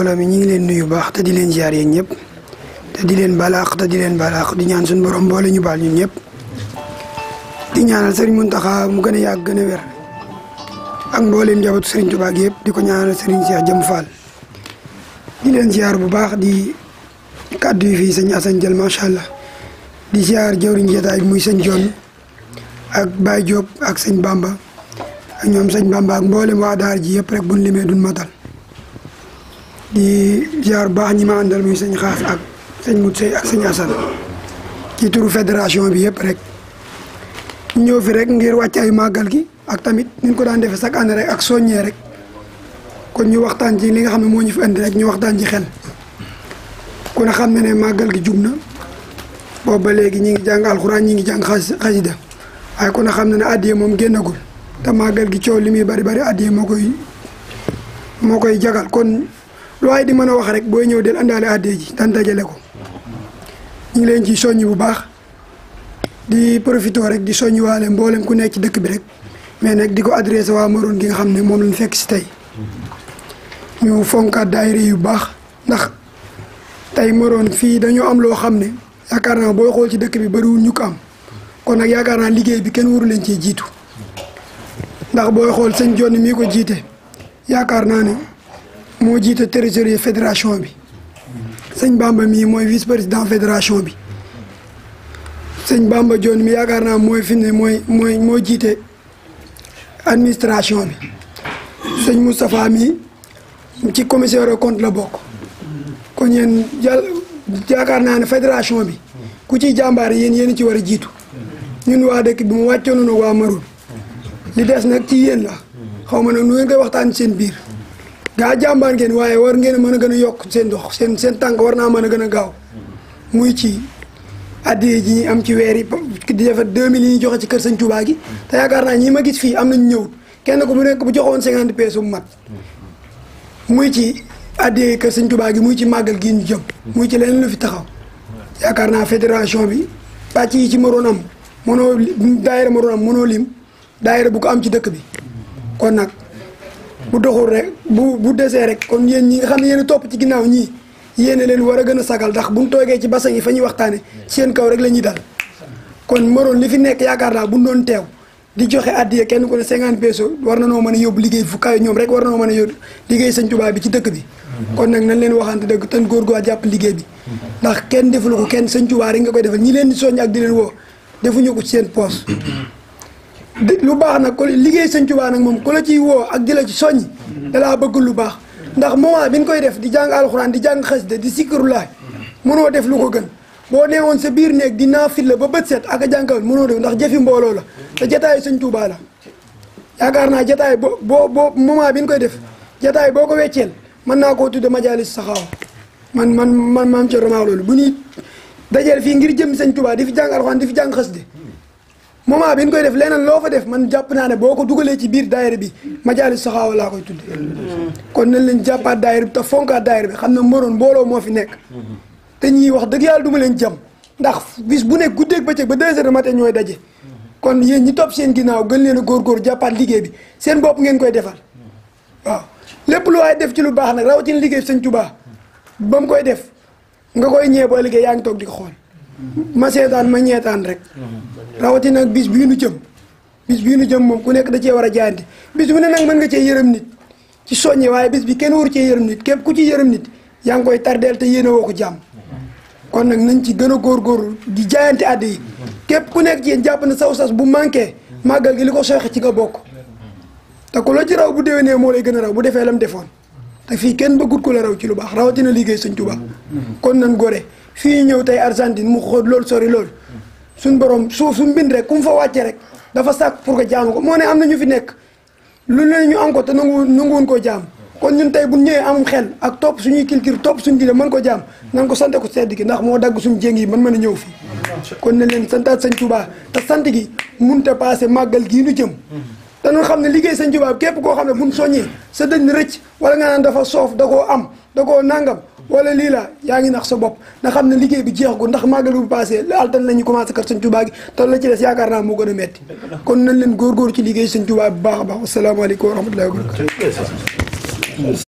mbooloo ñu ngi leen nuyu baax te di leen ziar yéen ñëpp di leen balaax te di leen balaax di ñaan suñu borom boole ñu baal ñun ñëpp di ñaanal mu gën a ak mbooleem njabootu Serigne Touba gi yëpp di ko ñaanal Serigne Cheikh Jëm Fall di leen ziar bu baax di kàddu yi fii sëñ Assane jël macha allah di ziar jawriñ jotaay bi muy sëñ John ak Baye Diop ak sëñ mbamba ak ñoom sëñ Bamba ak mboolem waa daar ji yëpp rek buñ limee duñ matal. di jaar baax ñi ma àndal muy sëñ xaas ak sëñ mut sey ak sëñ asan ci turu fédération bi yëpp rek ñëw fi rek ngir wàcc ay màggal gi ak tamit ni ñu ko daan defee chaque année ak soñee rek kon ñu waxtaan ci li nga xam ne moo ñu fi indi rek ñu waxtaan ci xel ku ne xam ne ne màggal gi jub na boobu ba léegi ñi ngi jàng alxuraan ñi ngi jàng xasida waaye kon ne xam ne ne addiye moom génnagul te màggal gi coow li muy bari bari addiye moo koy moo koy jagal kon lu waaye di mën a wax rek booy ñëw del àndaale addee ji daan dajale ko ñu ngi leen ci soññ bu baax di profité rek di soññ waale mboolem ku nekk ci dëkk bi rek mais nag di ko adressé waa Maroon gi nga xam ne moom lañ fekk si tey ñu fonkaat daayira yu baax ndax tey Maroon fii dañoo am loo xam ne yaakaar naa booy xool ci dëkk bi bariwul ñu ko am kon nag yaakaar liggéey bi kenn waru leen cee jiitu ndax booy xool sëñ Jonn mii ko jiite yaakaar naa ne. moo jiite territorie fédération bi sëñ Bamba mii mooy vice président fédération bi sëñ Bamba Joon mi yaakaar naa mooy fi mooy mooy moo jiite administration bi sëñ Moustapha mii ci commissaire au compte la bokk kon yéen jàll yaakaar naa ne fédération bi ku ci jàmbaar yéen yéen ci war a jiitu ñun waa dëkk bi mu wàccoonu na waa Marul li des nag ci yéen la xaw ma nag nu ngeen koy waxtaan seen biir gaa jàmbaar ngeen waaye war ngeen mën a gën a yokk seen dox seen seen tànk war naa mën a gën a gaaw muy ci addiye ji ñuy am ci weer yi di defa 2000 yi joxe ci kër sañ Tuubaa gi te yaakaar naa ñi ma gis fii am nañ ñëw kenn ku bu nekk bu joxoon 50 peesu mu mat muy ci addiye kër Sëñ Tuubaa gi muy ci màggal gi ñu jëm muy ci leneen lu fi taxaw yaakaar naa fédération bi pàcc yi ci mënoon am mënoo daayira am mënoo lim daayira bu ko am ci dëkk bi kon nag bu doxul rek bu bu desee rek kon yéen ñi nga xam ne yéen topp ci ginnaaw ñi yéen leen war a gën a sagal ndax bu ñu toogee ci bassin yi fa ñuy waxtaane seen kaw rek la ñuy dal kon moroon li fi nekk yaakaar naa bu ñu doon teew di joxe addiya kenn ku ne cinquante peso war na noo mën a yóbbu liggéey fu rek war na noo mën a yóbbu liggéey Sëñ Tuubaa bi bi kon nag nañ leen waxante dëgg tan góorgóor jàpp liggéey bi ndax kenn deful ko kenn Sëñ Tuubaa rek nga koy defal ñi leen di soññ ak di leen woo defuñu ko ci seen poos lu baax nag ko liggéey sëñ Tuubaa nag moom ku la ciy woo ak di la ci soññ da laa bëgg lu baax ndax moment bi ñu koy def di jàng alxuraan di jàng xasida di sikkirulaay mënoo def lu ko gën boo neewoon sa biir néeg di naafil ba bët set ak a mënoo def ndax jëfi mbooloo la te jataayu yaakaar naa jataay bo boo boo bi ñu koy def jataay boo ko wecceel mën naa koo tudde majaalis saxaawa man man man maam ci loolu bu ñuy dajeel fii ngir jëm sëñ Tuubaa di fi jàng alxuraan di fi jàng xasida moment bi ñu koy def leneen loo fa def man jàpp naa ne boo ko dugalee ci biir daayira bi majalis saxaawa laa koy tudde kon nañ leen jàppaat daayira bi te fonkaat daayira bi xam ne moroon mbooloo moo fi nekk te ñii wax dëgg yàlla duma leen jam ndax bis bu nekk guddeeg bëccëg ba deux heures du matin ñooy daje kon yéen ñi topp seen ginnaaw gën leen a góor jàppaat liggéey bi seen bopp ngeen koy defar waaw lépp lu waay def ci lu baax nag rawatina liggéey bi Sëñ Tuubaa ba mu koy def nga koy ñëwee boo liggéey yaa ngi toog di ko ma seetaan ma ñeetaan rek rawatina nag bis bii nu jëm bis bii nu jëm moom ku nekk da cee war a jaayante bis bu ne nag mën nga cee yërëm nit ci soññe waaye bis bi kenn waru cee yërëm nit képp ku ci yërëm nit yaa ngi koy tardeel te yéene woo ko jàmm kon nag nañ ci gën a góorgóorlu di jaayante àdd yi képp ku nekk ci yéen jàpp na saw sas bu manqué màggal gi li ko sooxe ci nga bokk te ku la ci raw bu déwénee moo lay gën a raw bu defee lam defoon te fii kenn bëggut ku la raw ci lu baax rawatina liggéey sëñ Tuubaa kon nan gore fii ñëw tey Argentine mu xool loolu sori loolu suñ borom suuf suñ bind rek ku mu fa wàcce rek dafa sàkk pour que jaamu ko moo ne am na ñu fi nekk lu leen ñu am ko te nangu nanguwoon koo jàmm kon ñun tey bu ñëwee amum xel ak topp suñuy culture topp suñu diine mën koo jàmm nan ko sante ko sedd gi ndax moo dagg suñu jéng yi man mën a ñëw fii kon ne leen santaat sëñ Tuubaa te sant gi munta passé màggal gii nu jëm te nun xam ne liggéey sañ Tuubaa képp koo xam ne buñ soññee sa dëñ rëcc wala nga naan dafa soof da am da koo nàngam wala lii laa yaa ngi nax sa bopp nga xam na liggéey bi jeexagul ndax màggal bu passé la altan la ñu commencé kër sëñ Tuubaa gi te la ci des yaakaar naa moo gën a metti kon nañ leen góorgóor ci liggéey sëñ Tuubaa bu baax a baax asalaamaaleykum wa rahmatullahi wa barakatu